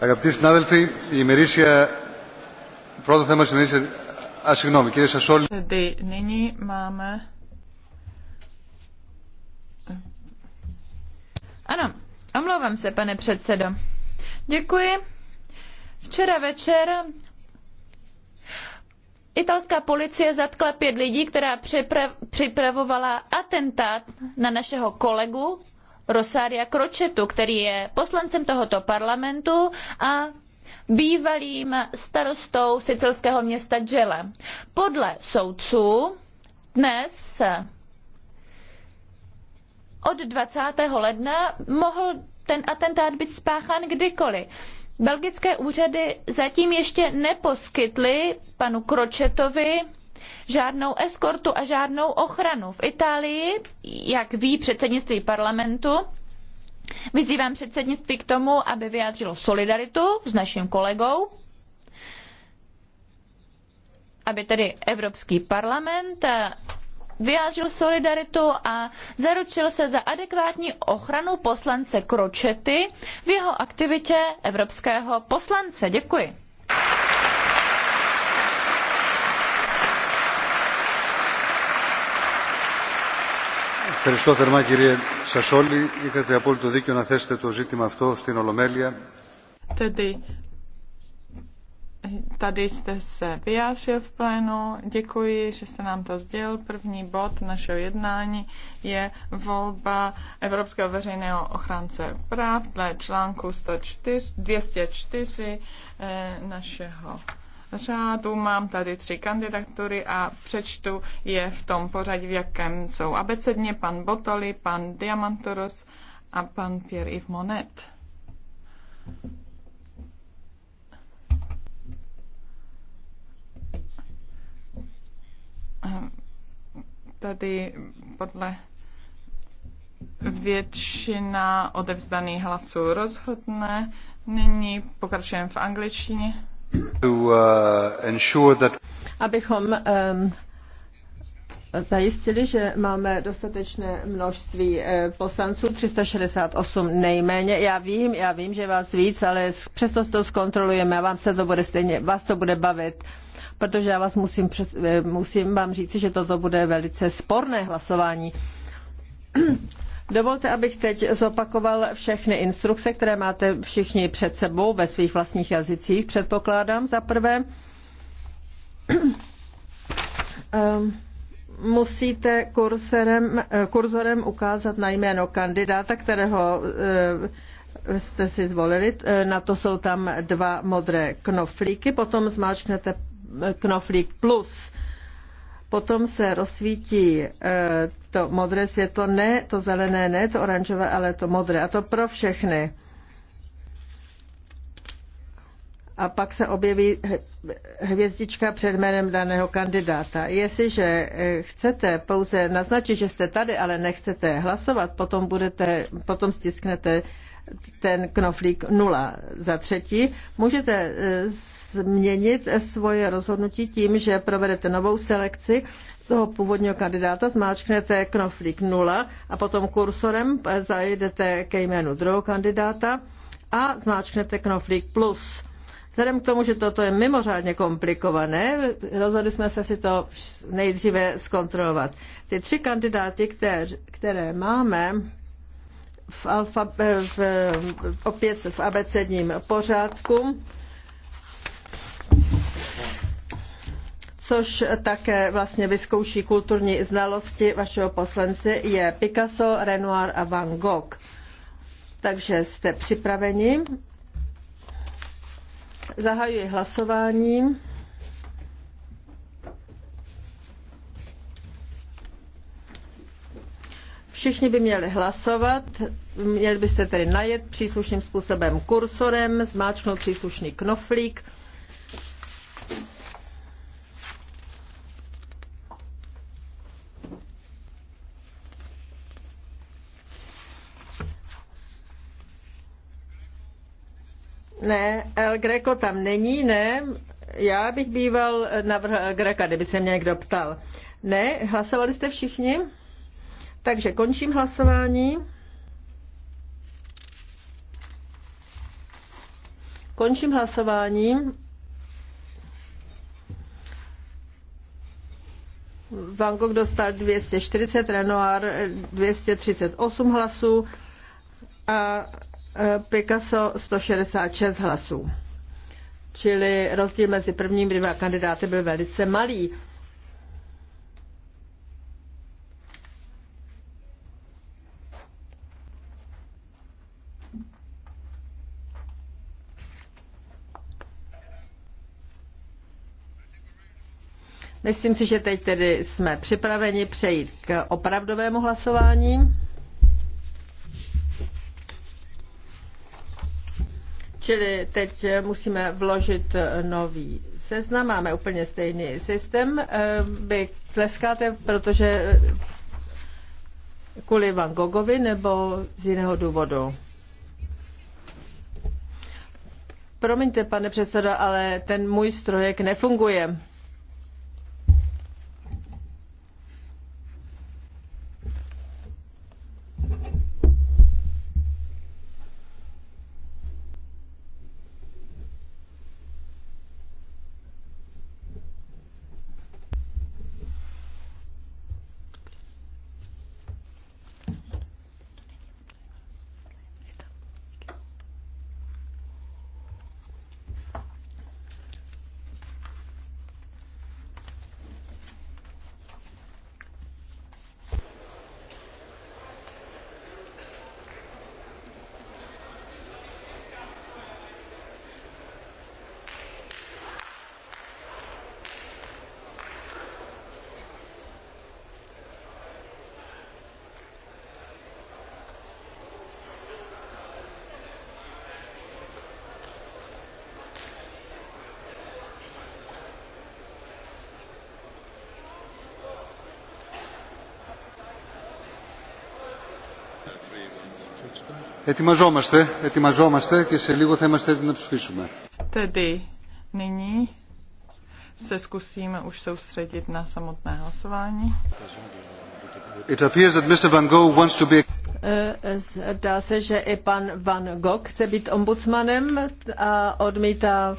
Αγαπητοί συνάδελφοι, η ημερήσια... Πρώτο θέμα της ημερήσιας... Α, συγγνώμη, κύριε Σασόλη. Tedy nyní máme... Ano, omlouvám se, pane předsedo. Děkuji. Včera večer italská policie zatkla pět lidí, která připravovala atentát na našeho kolegu, Rosaria Kročetu, který je poslancem tohoto parlamentu a bývalým starostou sicilského města Gela. Podle soudců dnes od 20. ledna mohl ten atentát být spáchán kdykoliv. Belgické úřady zatím ještě neposkytly panu Kročetovi žádnou eskortu a žádnou ochranu. V Itálii, jak ví předsednictví parlamentu, vyzývám předsednictví k tomu, aby vyjádřilo solidaritu s naším kolegou, aby tedy Evropský parlament vyjádřil solidaritu a zaručil se za adekvátní ochranu poslance Kročety v jeho aktivitě evropského poslance. Děkuji. Ευχαριστώ θερμά κύριε Σασόλη. Είχατε απόλυτο δίκιο να θέσετε το ζήτημα αυτό στην Ολομέλεια. Tedy, tady jste se vyjádřil v plénu. Děkuji, že jste nám to sdělil. První bod našeho jednání je volba Evropského veřejného ochránce práv dle článku 104, 204 eh, našeho řádu. Mám tady tři kandidatury a přečtu je v tom pořadí, v jakém jsou abecedně pan Botoli, pan Diamantoros a pan Pierre-Yves Monet. Tady podle většina odevzdaných hlasů rozhodne. Nyní pokračujeme v angličtině. Uh, abychom um, zajistili, že máme dostatečné množství uh, poslanců, 368 nejméně. Já vím, já vím, že vás víc, ale přesto to zkontrolujeme a vám se to bude stejně, vás to bude bavit, protože já vás musím, přes, eh, musím vám říci, že toto bude velice sporné hlasování. Dovolte, abych teď zopakoval všechny instrukce, které máte všichni před sebou ve svých vlastních jazycích, předpokládám za prvé. Ehm, musíte kursorem, kurzorem ukázat na jméno kandidáta, kterého ehm, jste si zvolili. Na to jsou tam dva modré knoflíky, potom zmáčknete ehm, knoflík plus potom se rozsvítí eh, to modré světlo, ne to zelené, ne to oranžové, ale to modré. A to pro všechny. A pak se objeví hvězdička před jménem daného kandidáta. Jestliže eh, chcete pouze naznačit, že jste tady, ale nechcete hlasovat, potom, budete, potom stisknete ten knoflík nula. Za třetí, můžete eh, změnit svoje rozhodnutí tím, že provedete novou selekci toho původního kandidáta, zmáčknete knoflík 0 a potom kursorem zajedete ke jménu druhého kandidáta a zmáčknete knoflík plus. Vzhledem k tomu, že toto je mimořádně komplikované, rozhodli jsme se si to nejdříve zkontrolovat. Ty tři kandidáty, které, které máme, v, alfa, v, opět v abecedním pořádku, což také vlastně vyzkouší kulturní znalosti vašeho poslance, je Picasso, Renoir a Van Gogh. Takže jste připraveni. Zahajuji hlasování. Všichni by měli hlasovat, měli byste tedy najet příslušným způsobem kursorem, zmáčknout příslušný knoflík ne, El Greco tam není, ne. Já bych býval navrhl El Greca, kdyby se mě někdo ptal. Ne, hlasovali jste všichni? Takže končím hlasování. Končím hlasování. Van Gogh dostal 240, Renoir 238 hlasů a e, Picasso 166 hlasů. Čili rozdíl mezi prvními dvěma kandidáty byl velice malý. Myslím si, že teď tedy jsme připraveni přejít k opravdovému hlasování. Čili teď musíme vložit nový seznam. Máme úplně stejný systém. Ehm, vy tleskáte, protože kvůli Van Gogovi nebo z jiného důvodu? Promiňte, pane předsedo, ale ten můj strojek nefunguje. Ετοιμαζόμαστε, ετοιμαζόμαστε και σε λίγο θα είμαστε έτοιμοι να ψηφίσουμε. Tedy nyní se zkusíme už soustředit na samotné hlasování. It appears that Mr. Van Gogh wants to be... E, Zdá se, že i pan Van Gogh chce být ombudsmanem a odmítá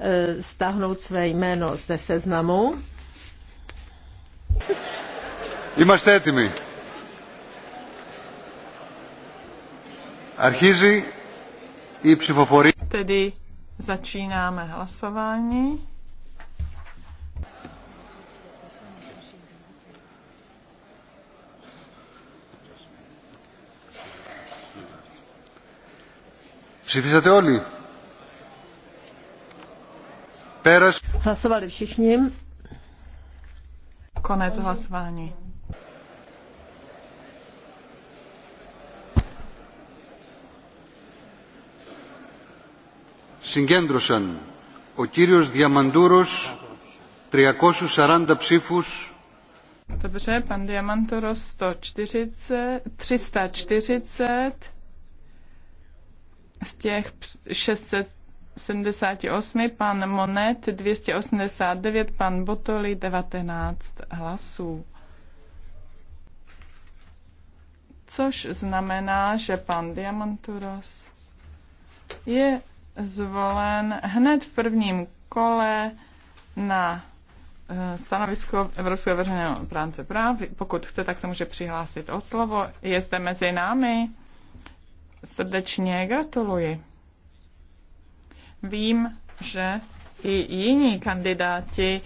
e, stáhnout své jméno ze seznamu. Είμαστε έτοιμοι. Archíři i přifofory. Tedy začínáme hlasování. Ψηφίσατε όλοι. Πέρας. Hlasovali všichni. Konec hlasování. συγκέντρωσαν ο κύριος Διαμαντούρος 340 ψήφους Dobře, pan Diamantoro 340 z těch 678, pan Monet 289, pan Botoli 19 hlasů. Což znamená, že pan Diamantoros je zvolen hned v prvním kole na eh, stanovisko Evropského veřejného práce práv. Pokud chce, tak se může přihlásit o slovo. Je zde mezi námi. Srdečně gratuluji. Vím, že i jiní kandidáti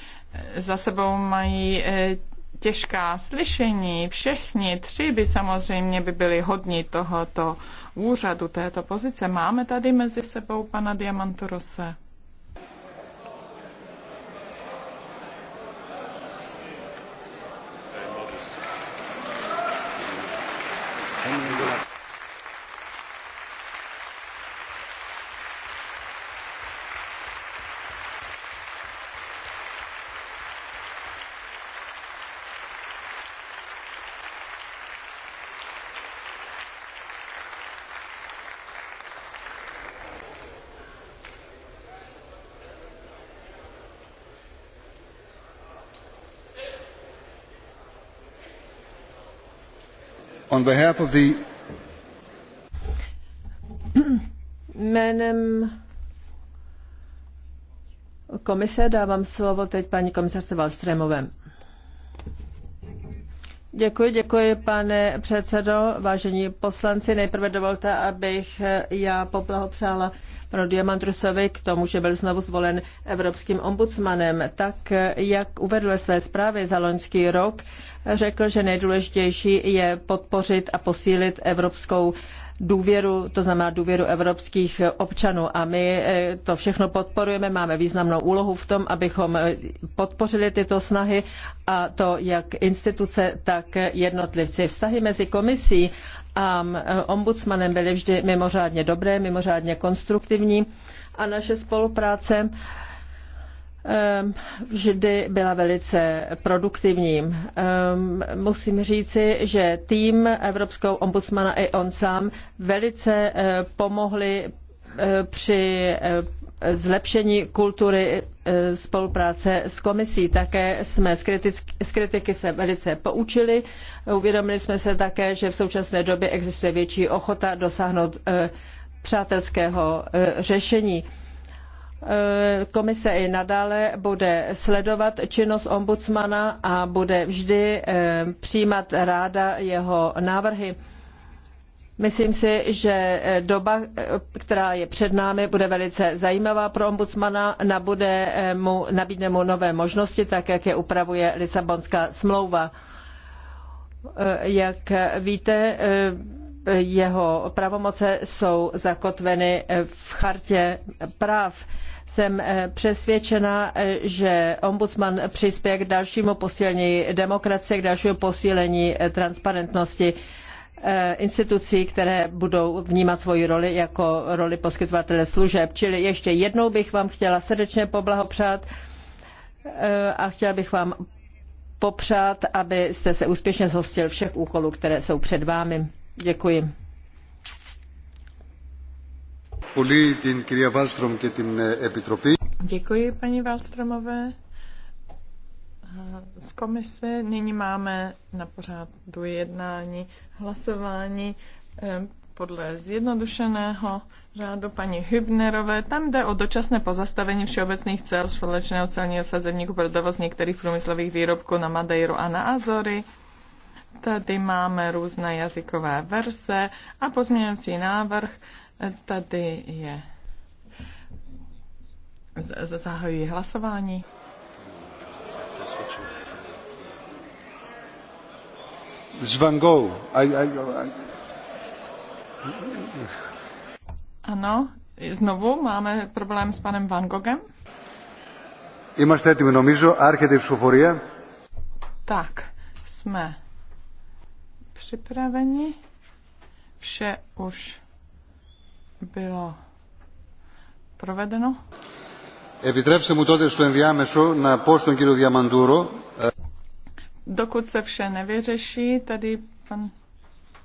eh, za sebou mají eh, těžká slyšení, všichni tři by samozřejmě by byli hodní tohoto úřadu, této pozice. Máme tady mezi sebou pana Diamantorose. Jménem komise dávám slovo teď paní komisarce Wallströmové. Děkuji, děkuji, pane předsedo, vážení poslanci. Nejprve dovolte, abych já poblahopřála panu Diamandrusovi k tomu, že byl znovu zvolen evropským ombudsmanem. Tak, jak uvedl své zprávě za loňský rok, řekl, že nejdůležitější je podpořit a posílit evropskou důvěru, to znamená důvěru evropských občanů. A my eh, to všechno podporujeme, máme významnou úlohu v tom, abychom eh, podpořili tyto snahy a to jak instituce, tak jednotlivci. Vztahy mezi komisí a ombudsmanem byly vždy mimořádně dobré, mimořádně konstruktivní a naše spolupráce vždy byla velice produktivní. Musím říci, že tým Evropského ombudsmana i on sám velice e, pomohli e, při e, zlepšení kultury e, spolupráce s komisí. Také jsme z, kritiky, z kritiky se velice poučili. Uvědomili jsme se také, že v současné době existuje větší ochota dosáhnout e, přátelského e, řešení. Komise i nadále bude sledovat činnost ombudsmana a bude vždy přijímat ráda jeho návrhy. Myslím si, že eh, doba, eh, která je před námi, bude velice zajímavá pro ombudsmana, nabude eh, mu, nabídne mu nové možnosti, tak jak je upravuje Lisabonská smlouva. Jak víte, jeho pravomoce jsou zakotveny v chartě práv. Jsem přesvědčena, že ombudsman přispěje k dalšímu posílení demokracie, k dalšímu posílení transparentnosti Eh, institucí, které budou vnímat svoji roli jako roli poskytovatele služeb. Čili ještě jednou bych vám chtěla srdečně poblahopřát eh, a chtěla bych vám popřát, abyste se úspěšně zhostil všech úkolů, které jsou před vámi. Děkuji. Děkuji paní Valstromové z komise. Nyní máme na pořádu jednání hlasování eh, podle zjednodušeného řádu paní Hübnerové. Tam jde o dočasné pozastavení všeobecných cel společného celního sazebníku pro dovoz některých průmyslových výrobků na Madeiru a na Azory. Tady máme různé jazykové verze a pozměňovací návrh. Tady je. Zahajuji hlasování. z Van Gogh. I, I, I... Ano, znovu máme problém s panem Van Goghem. Είμαστε έτοιμοι νομίζω, άρχεται η ψηφοφορία. Tak, jsme připraveni. Vše už bylo provedeno. Επιτρέψτε μου τότε στο ενδιάμεσο να πω στον κύριο Διαμαντούρο dokud se vše nevyřeší, tady pan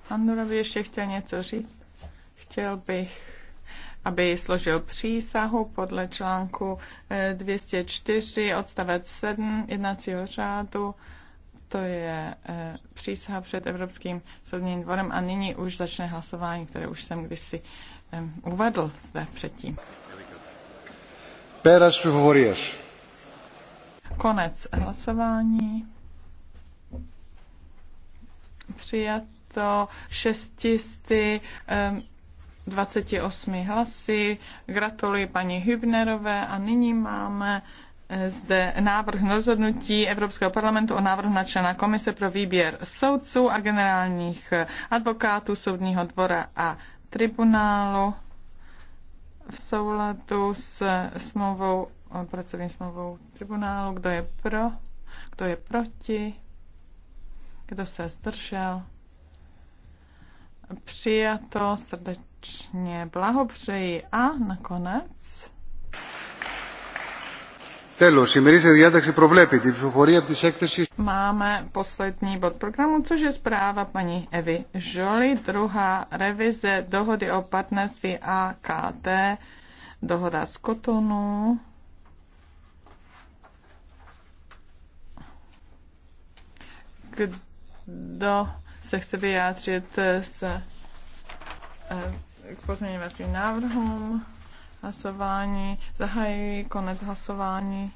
Andora by ještě chtěl něco říct. Chtěl bych, aby složil přísahu podle článku 204 eh, odstavec 7 jednacího řádu. To je eh, přísaha před Evropským soudním dvorem a nyní už začne hlasování, které už jsem kdysi eh, uvedl zde předtím. Konec hlasování přijato 628 ehm, hlasy. Gratuluji paní Hübnerové a nyní máme eh, zde návrh rozhodnutí Evropského parlamentu o návrhu na člena Komise pro výběr soudců a generálních eh, advokátů Soudního dvora a tribunálu v souladu s eh, smlouvou, pracovní smlouvou tribunálu. Kdo je pro? Kdo je proti? Kdo se zdržel? Přijato, srdečně blahopřeji. A nakonec... Τέλος, η μερίσια διάταξη προβλέπει την ψηφοφορία της έκθεσης. Máme poslední bod programu, což je zpráva paní Evy Žoli, druhá revize dohody o partnerství AKT, dohoda z Kotonu. Kdo kdo se chce vyjádřit s eh, k pozměňovacím návrhům, hlasování, zahajuji konec hlasování.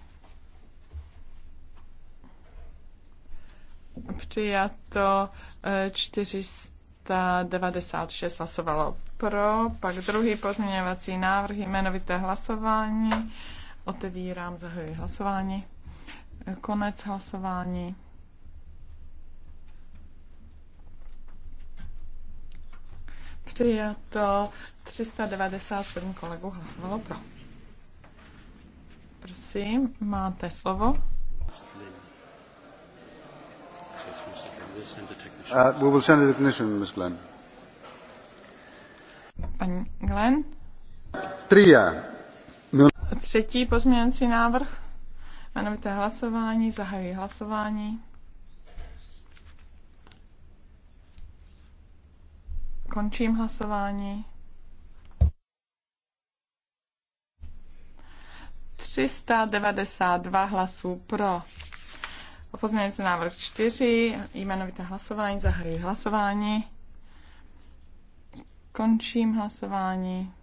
Přijato 496 eh, hlasovalo pro, pak druhý pozměňovací návrh, jmenovité hlasování. Otevírám, zahajuji hlasování. Konec hlasování. Přijato 397 kolegů hlasovalo pro. Prosím, máte slovo. Uh, we will send a technician, Ms. Glenn. Paní Glenn? Tria. Třetí pozměňovací návrh. Jmenovité hlasování, zahajuji hlasování. Končím hlasování. 392 hlasů pro. Opozměňující návrh 4, jmenovité hlasování, zahrají hlasování. Končím hlasování.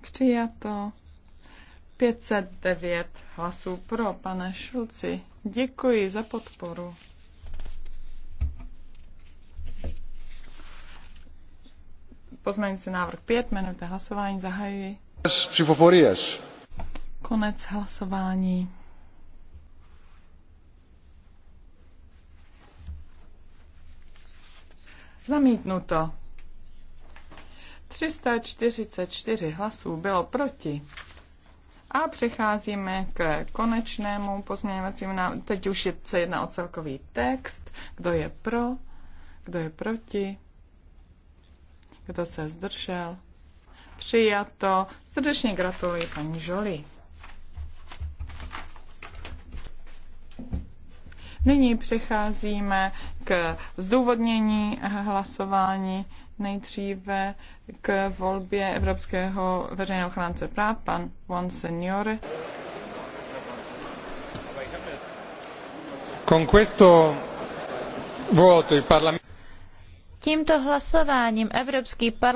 Přijato. 509 hlasů pro, pane Šulci. Děkuji za podporu. Pozměňující návrh 5, jmenujte hlasování, zahajuji. Konec hlasování. Zamítnuto. 344 hlasů bylo proti. A přecházíme k konečnému pozměňovacímu návrhu. Teď už je, se jedná o celkový text. Kdo je pro? Kdo je proti? Kdo se zdržel? Přijato. Srdečně gratuluji paní Žoli. Nyní přecházíme k zdůvodnění hlasování nejdříve k volbě Evropského veřejného ochránce práv, pan Juan Senior. Con questo voto il Parlamento Tímto hlasováním Evropský parlament